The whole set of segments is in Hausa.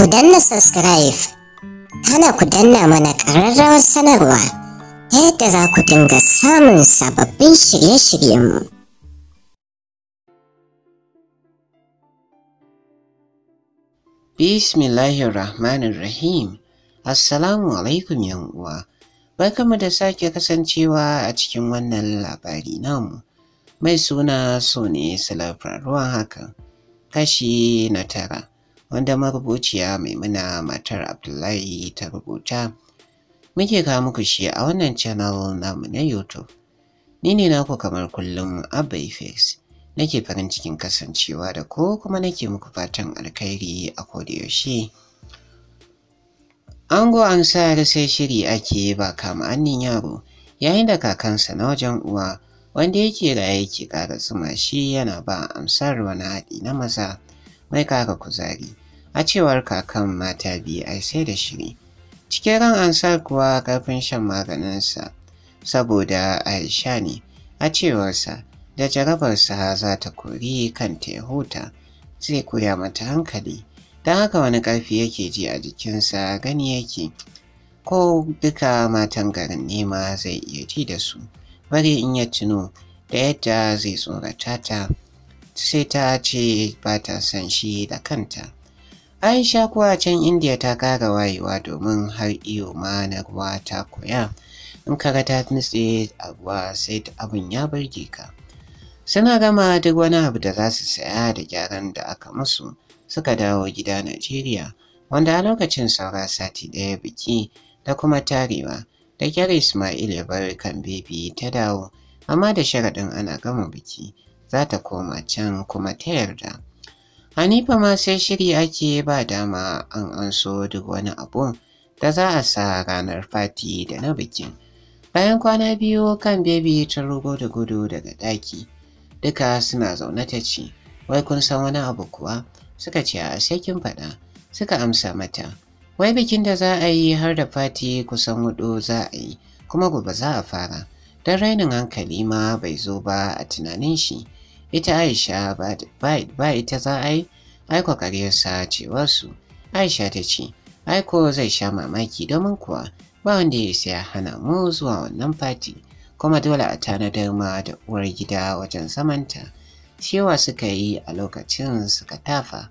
ku danna subscribe hana ku danna mana ƙararrawar sanarwa yadda za ku dinga samun sababbin shirye-shiryenmu. Bismillahirrahmanirrahim Assalamu alaikum uwa. Barkanmu da sake kasancewa a cikin wannan labari namu mai suna so ne ruwan hakan kashi na tara. wanda marubuciya mai Muna matar Abdullahi ta rubuta. Muke kawo muku shi a wannan channel namu na YouTube. Ni ne naku kamar kullum Abba Effects. Nake farin cikin kasancewa da ko kuma nake muku fatan alkhairi a kodayaushe. Ango an sa sai shiri ake ba kama annin yaro yayin da kakansa na wajen uwa wanda yake raye yake ƙara zuma shi yana ba amsar wani haɗi na maza mai ƙara kuzari A cewar kakan mata biyu ai sai da shiri. Cikin ran ansar kuwa ƙarfin shan maganinsa saboda Aisha ne a cewarsa da jarabarsa za ta kori kanta ya huta zai koya mata hankali don haka wani ƙarfi yake ji a jikinsa gani yake ko duka matan garin nema zai iya ji da su bari in ya tuno da yadda zai tsorata ta sai ta ce ba ta son shi da kanta. Aisha kuwa can Indiya ta kara wayewa domin har iyo ma na ruwa ta koya. In kaga ta nutse a ruwa sai abin ya burge ka. Suna gama duk wani abu da za su saya da gyaran da aka musu suka dawo gida Najeriya wanda a lokacin saura sati ɗaya biki da kuma tarewa da kyar Ismail ya bar kan bebi ta dawo amma da sharaɗin ana gama biki za ta koma can kuma ta yarda. Hanifa ma sai shiri ake ba dama an anso duk wani abu da za a sa ranar fati da na bikin. Bayan kwana biyu kan bebi ta rugo da gudu daga ɗaki. Duka suna zaune ta ce, wai kun san wani abu kuwa? Suka ce a sai kin faɗa. Suka amsa mata. Wai bikin da za a yi har da fati kusan hudu za a yi, kuma gobe za a fara. Don rainin hankali ma bai zo ba a tunanin shi. ita Aisha ba ita za a yi aiko ƙaryarsa cewa su aisha ta ce aiko zai sha mamaki domin kuwa ba wanda ya saya hana mu zuwa wannan fati kuma dole a tanadar ma da uwar gida wajen samanta cewa suka yi a lokacin suka tafa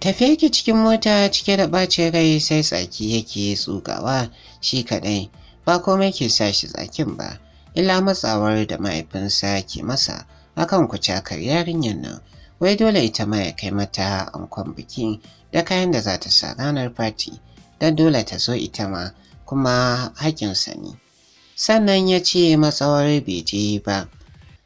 tafiya ke cikin mota cike da bace rai sai tsaki yake tsugawa shi kaɗai ba komai ke sa shi tsakin ba illa matsawar da mahaifinsa ke masa akan kucakar yarinyar nan wai dole ita ma ya kai mata ankon biki da kayan da za ta sa ranar fati don dole ta zo ita ma kuma hakinsa ne sannan ya ce matsawar bai je ba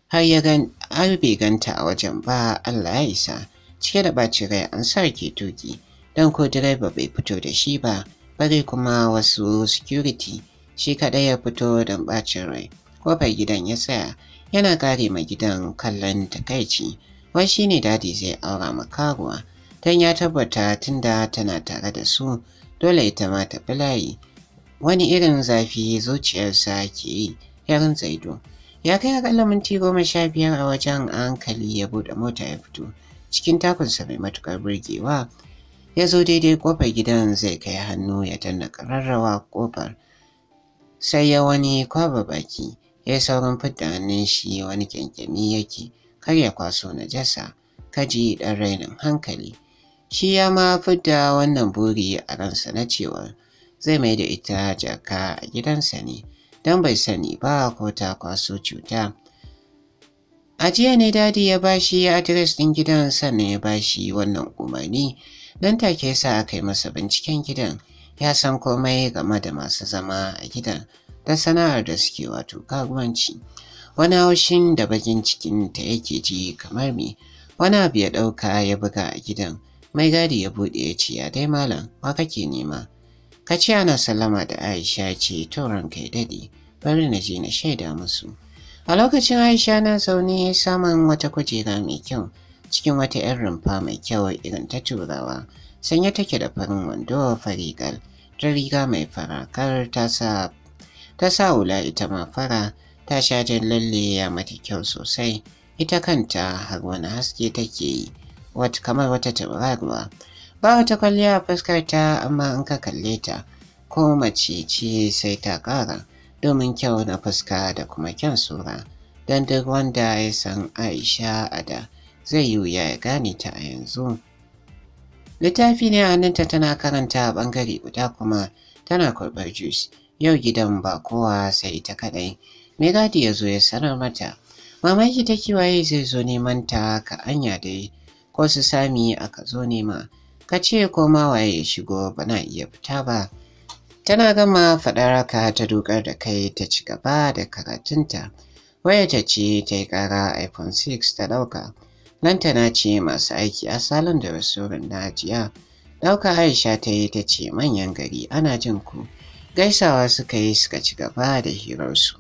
har ya bai ganta a wajen ba Allah ya isa cike da ɓaci rai an sa ke tuki don ko direba bai fito da shi ba bari kuma wasu security shi kaɗai ya fito don ɓacin rai kofar gidan ya tsaya yana kare ma gidan kallon takaici wai shine dadi zai aura makaruwa don ya tabbata tun da tana tare da su dole ita ma ta layi wani irin zafi zuciyarsa ke yi ya rantsa ya kai akalla minti goma sha biyar a wajen hankali ya buɗe mota ya fito cikin takunsa mai matukar burgewa ya zo daidai kofar gidan zai kai hannu ya danna ƙararrawa kofar sai ya wani kwaba baki ya yi saurin fidda shi wani kyankyami yake kar ya kwaso najasa kaji dan rainin hankali shi ya ma fidda wannan buri a ransa na cewa zai mai da ita jaka a gidansa ne don bai sani ba ko ta kwaso cuta a jiya ne dadi ya bashi adires ɗin gidan sannan ya bashi wannan umarni don take sa aka yi masa binciken gidan ya san komai game da masu zama a gidan ta sana'ar da suke wato karuwanci wani haushin da bakin cikin ta yake ji kamar me wani abu ya ɗauka ya buga a gidan mai gadi ya buɗe ya ce ya dai malam wa kake nema ka ce ana sallama da aisha ce to kai ya daɗe bari na je na shaida musu a lokacin aisha na zaune samun wata kujera mai kyau cikin wata 'yan rumfa mai kyau irin ta turawa sanye take da farin wando farigar ta riga mai farakar ta sa ta sa hula ita ma fara ta sha jan lalle ya mata kyau sosai ita kanta har wani haske take yi wata kamar wata tauraruwa ba wata kwalliya a fuskar ta amma in ka kalle ta ko mace ce sai ta ƙara domin kyau na fuska da kuma kyan sura don duk wanda ya san aisha a da zai yi wuya ya gane ta a yanzu littafi ne a hannunta tana karanta a ɓangare guda kuma tana karɓar juice yau gidan ba kowa sai ita kadai. Mai gadi ya zo ya sanar mata. Mamaki ta kiwaye zai zo neman ta ka anya dai ko su sami aka zo nema. Ka ce ko ma waye ya shigo bana iya fita ba. Tana gama faɗar ta dokar da kai ta ci gaba da karatunta. Waya ta ce ta yi ƙara iPhone 6 ta ɗauka. tana ce masu aiki asalin da wasu na jiya. Ɗauka Aisha ta yi ta ce manyan gari ana jin ku. gaisawa suka yi suka ci gaba da hirarsu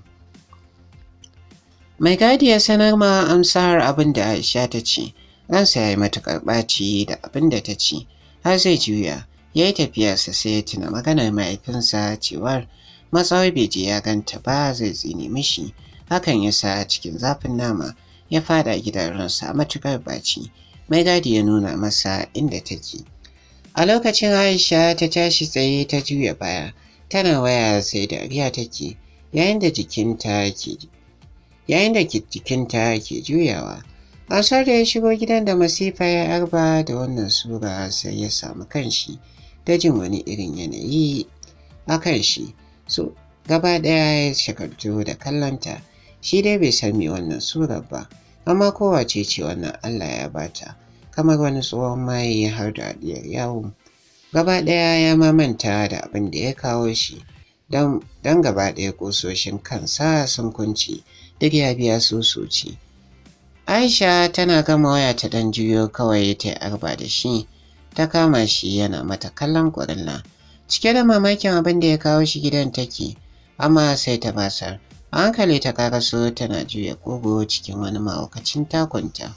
mai gadi ya sanar ma amsar abin da aisha ta ce ransa ya yi matuƙar ɓaci da abin da ta ce har zai juya ya yi tafiya sa sai ya tuna maganar mahaifinsa cewar matsawar beji ya ganta ba zai tsini mishi hakan ya sa cikin zafin nama ya fada gidan ransa matuƙar ɓaci mai gadi ya nuna masa inda take a lokacin aisha ta tashi tsaye ta juya baya tana waya sai dariya take yayin da jikinta ke yayin da jikinta ke juyawa Ansar da ya shigo gidan da masifa ya arba da wannan sura sai ya samu kanshi da jin wani irin yanayi a kanshi, shi so gaba ɗaya ya shakartu da kallonta shi dai bai san wannan surar ba amma kowace ce wannan Allah ya bata kamar wani tsohon maye har da yawo gaba ɗaya ya mamanta da abin da ya kawo shi don gaba ɗaya ƙososhin kansa sun kunci duk ya biya sosoci. Aisha tana gama waya ta dan juyo kawai ta arba da shi ta kama shi yana mata kallon ƙurilla cike da mamakin abin da ya kawo shi gidan take amma sai ta basar a hankali ta karaso tana juya kogo cikin wani mahaukacin takunta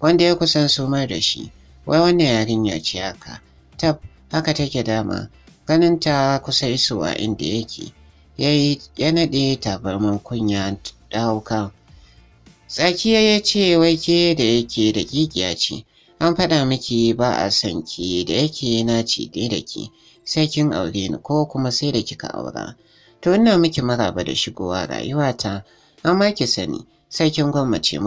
wanda ya kusan somar da shi wai wannan yarinya ce haka tab haka take dama ganin ta kusa isuwa inda yake ya naɗe tabarman kunya dauka tsakiya ya ce wai ke da yake da ƙiƙiya ce an faɗa miki ba a son ki da yake na ci dai da ki sai kin aure ni ko kuma sai da kika aura to ina miki maraba da shigowa rayuwata amma ki sani sai kin gwammace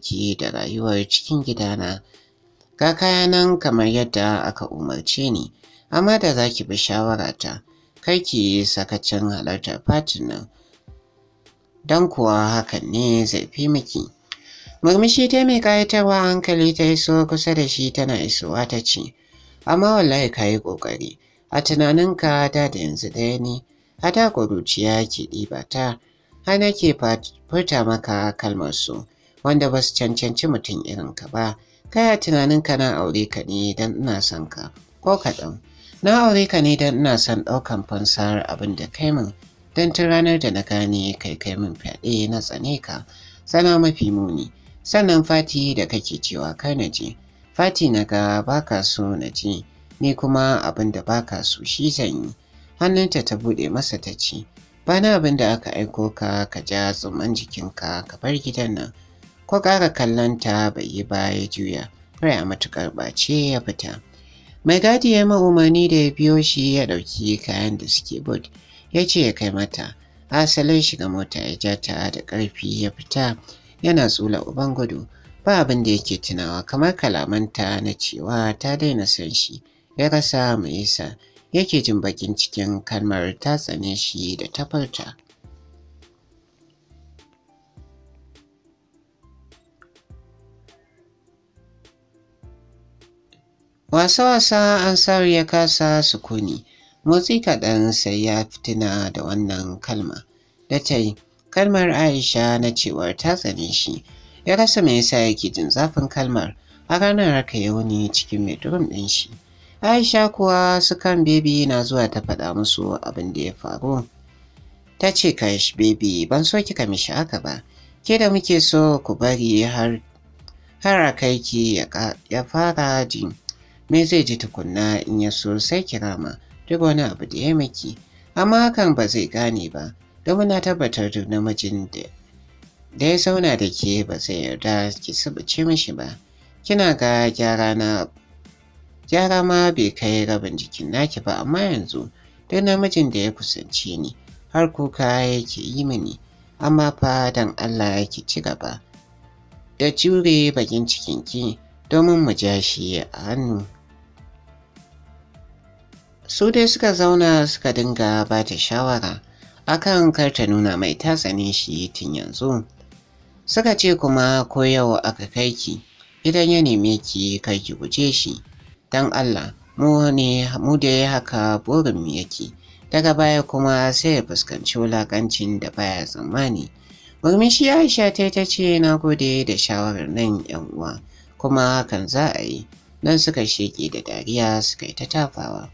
ki da rayuwar cikin gidana ga kayanan kamar yadda aka umarce ni amma da za ki bi ta, kar ki yi sakacin halartar fatin nan don kuwa hakan ne zai fi miki murmushi ta mai kayatarwa hankali ta iso kusa da shi tana isowa ta ce amma wallahi ka yi ƙoƙari a tunaninka da da yanzu ɗaya ne a da ƙuruciya ke ɗiba ta hana ke furta maka kalmar su wanda ba su cancanci mutum irin ka ba kai a tunaninka na aure ka ne don ina son ka ko kaɗan na aure ka ne don ina son ɗaukan fansar abin da kai min don tun ranar da na gane kai kai min fyaɗe na tsane ka sana mafi muni sannan fati da kake cewa kar na je fati na ga baka so na je ni kuma abin da baka so shi zan yi hannunta ta buɗe masa ta ce bana abin da aka aiko ka ka ja tsumman jikinka ka bar gidan nan ko ƙara kallon ta bai yi ba ya juya rai a matuƙar ɓace ya fita mai gadi ya ma umarni da ya biyo shi ya ɗauki kayan da suke bud ya ce ya kai mata asalin shiga mota ya ja ta da ƙarfi ya fita yana tsula uban gudu ba abin da yake tunawa kamar kalamanta na cewa ta daina son shi ya rasa mai yasa yake jin bakin cikin kalmar ta tsane shi da tafarta. Wasa-wasa Ansar ya kasa sukuni, motsi kaɗan sai ya fitina da wannan kalma. Da ta yi, kalmar Aisha na cewar ta tsane shi, ya rasa mai yasa yake jin zafin kalmar a ranar raka ya cikin bedroom ɗin shi. Aisha kuwa su kan bebi na zuwa ta faɗa musu abin da ya faru. Ta ce kash bebi ban so kika mishi haka ba, ke da muke so ku bari har har a kai ki ya fara jin. me zai ji tukunna in ya so sai kirama duk wani abu da ya miki amma hakan ba zai gane ba don na tabbatar duk namijin da da ya zauna da ke ba zai yarda ki sabace mishi ba kina ga gyara na gyara ma bai kai rabin jikin naki ba amma yanzu duk namijin da ya kusance ni har kuka yake yi mini amma fa dan Allah yake ci gaba da jure bakin cikinki domin mu ja shi a hannu su dai suka zauna suka dinga ba ta shawara akan kar ta nuna mai ta shi tun yanzu suka ce kuma ko yau aka kai ki idan ya neme ki kai ki guje shi dan Allah mu ne mu da ya haka burin mu yake daga baya kuma sai ya fuskanci wulakancin da baya tsammani murmushi aisha ta ta ce na gode da shawarar nan yan uwa kuma hakan za a yi nan suka sheke da dariya suka yi ta tafawa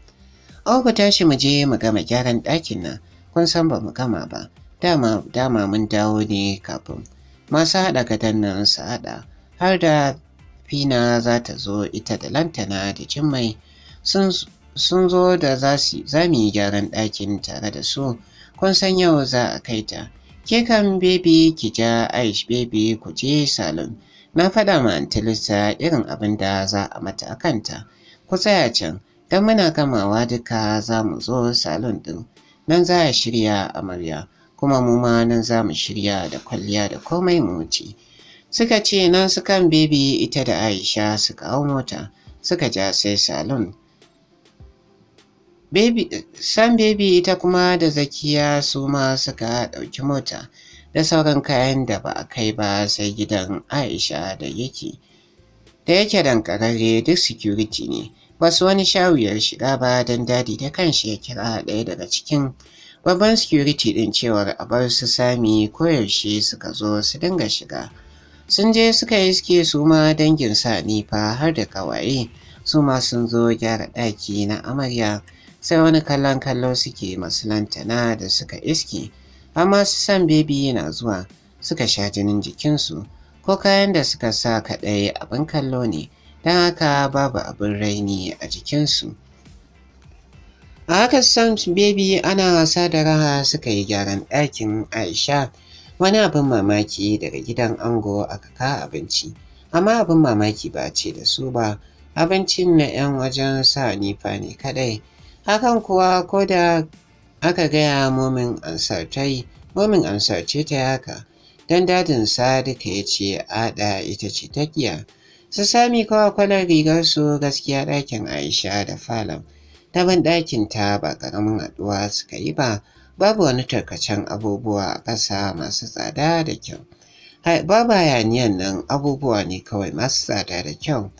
Au ku tashi mu je mu gama gyaran ɗakin nan, kun san ba mu gama ba, dama dama mun dawo ne kafin. Masu haɗa gadon nan su haɗa, har da Fina za ta zo ita da lantana da jimmai sun zo da za mu yi gyaran ɗakin tare da su, kun san yau za a kai ta. Ke kan bebi ki ja Aish bebi ku je salon. Na faɗa ma Antilista irin abin da za a mata a kanta. Ku tsaya can, Don muna kamawa duka za mu zo salon ɗin. Nan za a shirya amarya, kuma mu ma nan za mu shirya da kwalliya da komai mu ci. Suka ce nan su kan bebi ita da Aisha su kawo mota, suka ja sai salon. san baby ita kuma da zakiya su ma suka ɗauki mota da sauran kayan da ba a kai ba sai gidan Aisha da yake. Da yake dankararre duk security ne. wasu wani shawiyar shiga ba don dadi da kanshi ya kira ɗaya daga cikin babban security ɗin cewar a bar su sami koyaushe suka zo su dinga shiga sun je suka yi suke su ma dangin sa nifa har da kawaye su ma sun zo gyara ɗaki na amarya sai wani kallon kallo suke masu lantana da suka iske amma su san bebi na zuwa suka sha jinin jikinsu ko kayan da suka sa kaɗai abin kallo ne don haka babu abin raini a jikinsu. A haka Sams Baby ana wasa da raha suka yi gyaran ɗakin Aisha wani abin mamaki daga gidan ango a kaka abinci, amma abin mamaki ba ce da su ba abincin na 'yan wajen sa nifa ne kaɗai. Hakan kuwa ko da aka gaya momin ansar ta yi, momin ansar ce ta haka, don dadin sa duka ya ce ada ita ce ta giya. su sami kawa kwalar rigarsu gaskiya ɗakin aisha da falon ta ban ɗakin ta ba ƙaramin haɗuwa suka yi ba babu wani tarkacen abubuwa a ƙasa masu tsada da kyau babu hayaniyan nan abubuwa ne kawai masu tsada da kyau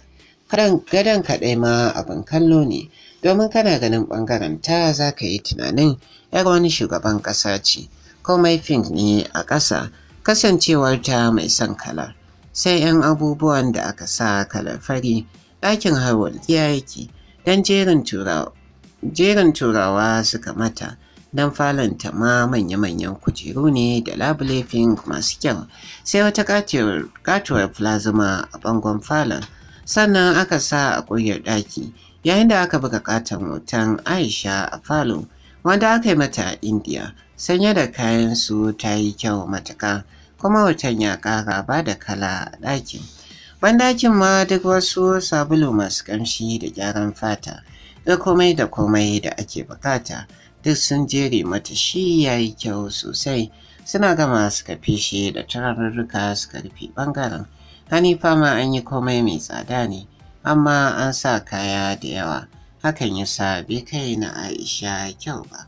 gadon kaɗai ma abin kallo ne domin kana ganin ɓangaren ta za ka yi tunanin yar wani shugaban ƙasa ce komai fink ne a ƙasa kasancewar ta mai son kalar sai 'yan abubuwan da aka sa kalar fari ɗakin harwalƙiya yake don jerin turawa suka mata don falanta ma manya-manyan kujeru ne da labule masu kyau sai wata katuwar plasma a bangon falon sannan aka sa a ƙuryar ɗaki yayin da aka buga katon hoton aisha a falo wanda aka yi mata a indiya sanya da kayan su ta yi kyau matuka. kuma wutan ya ƙara ba da kala a ɗakin. Bandakin ma duk wasu sabulu masu ƙamshi da gyaran fata da komai da komai da ake bukata duk sun jere mata shi ya yi kyau sosai suna gama suka fishe da tararruka suka rufe ɓangaren. Hanifa ma an yi komai mai tsada ne amma an sa kaya da yawa hakan ya sa bai kai na Aisha kyau ba.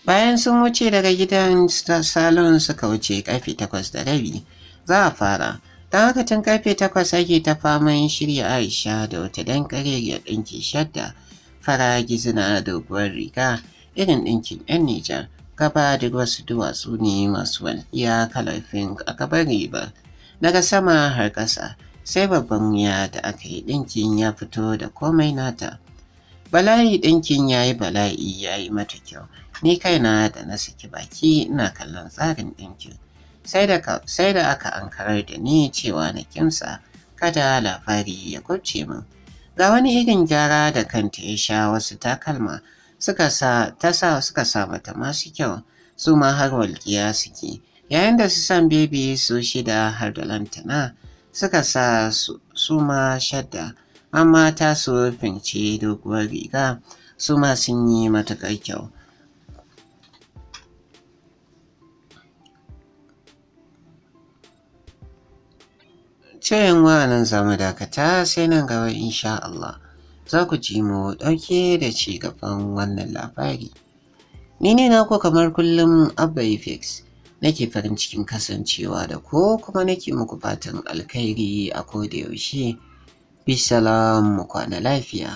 Bayan sun wuce daga gidan salon suka wuce ƙarfe takwas da rabi za a fara. Don haka tun takwas ake ta faman shirya Aisha da wata dan ya ɗinki shadda fara gizina doguwar riga irin ɗinkin 'yan nija Gaba da wasu duwatsu ne masu wani iya kalafin a gaban riba. Daga sama har ƙasa sai babban ya da aka yi ɗinkin ya fito da komai nata. Bala'i ɗinkin ya yi bala'i ya yi mata kyau. Ni kaina da na saki baki ina kallon tsarin ɗinkin. Sai da aka ankarar da ni cewa na kimsa kada labari ya kwace min. Ga wani irin gyara da kanta ya sha wasu takalma suka sa suka sa mata masu kyau su ma har walƙiya suke. Yayin da su san bebi su shida har da lantana suka sa su ma shadda. amma ta fince doguwar riga su ma sun yi matuƙar kyau Cirin wa'anan zama dakata sai nan gaba insha Allah za ku ji mu ɗauke da ci gaban wannan labari. Ni ne nako kamar kullum Abba nake farin cikin kasancewa da ko kuma nake muku fatan alkhairi a koda yaushe. bisalamu kwana lafiya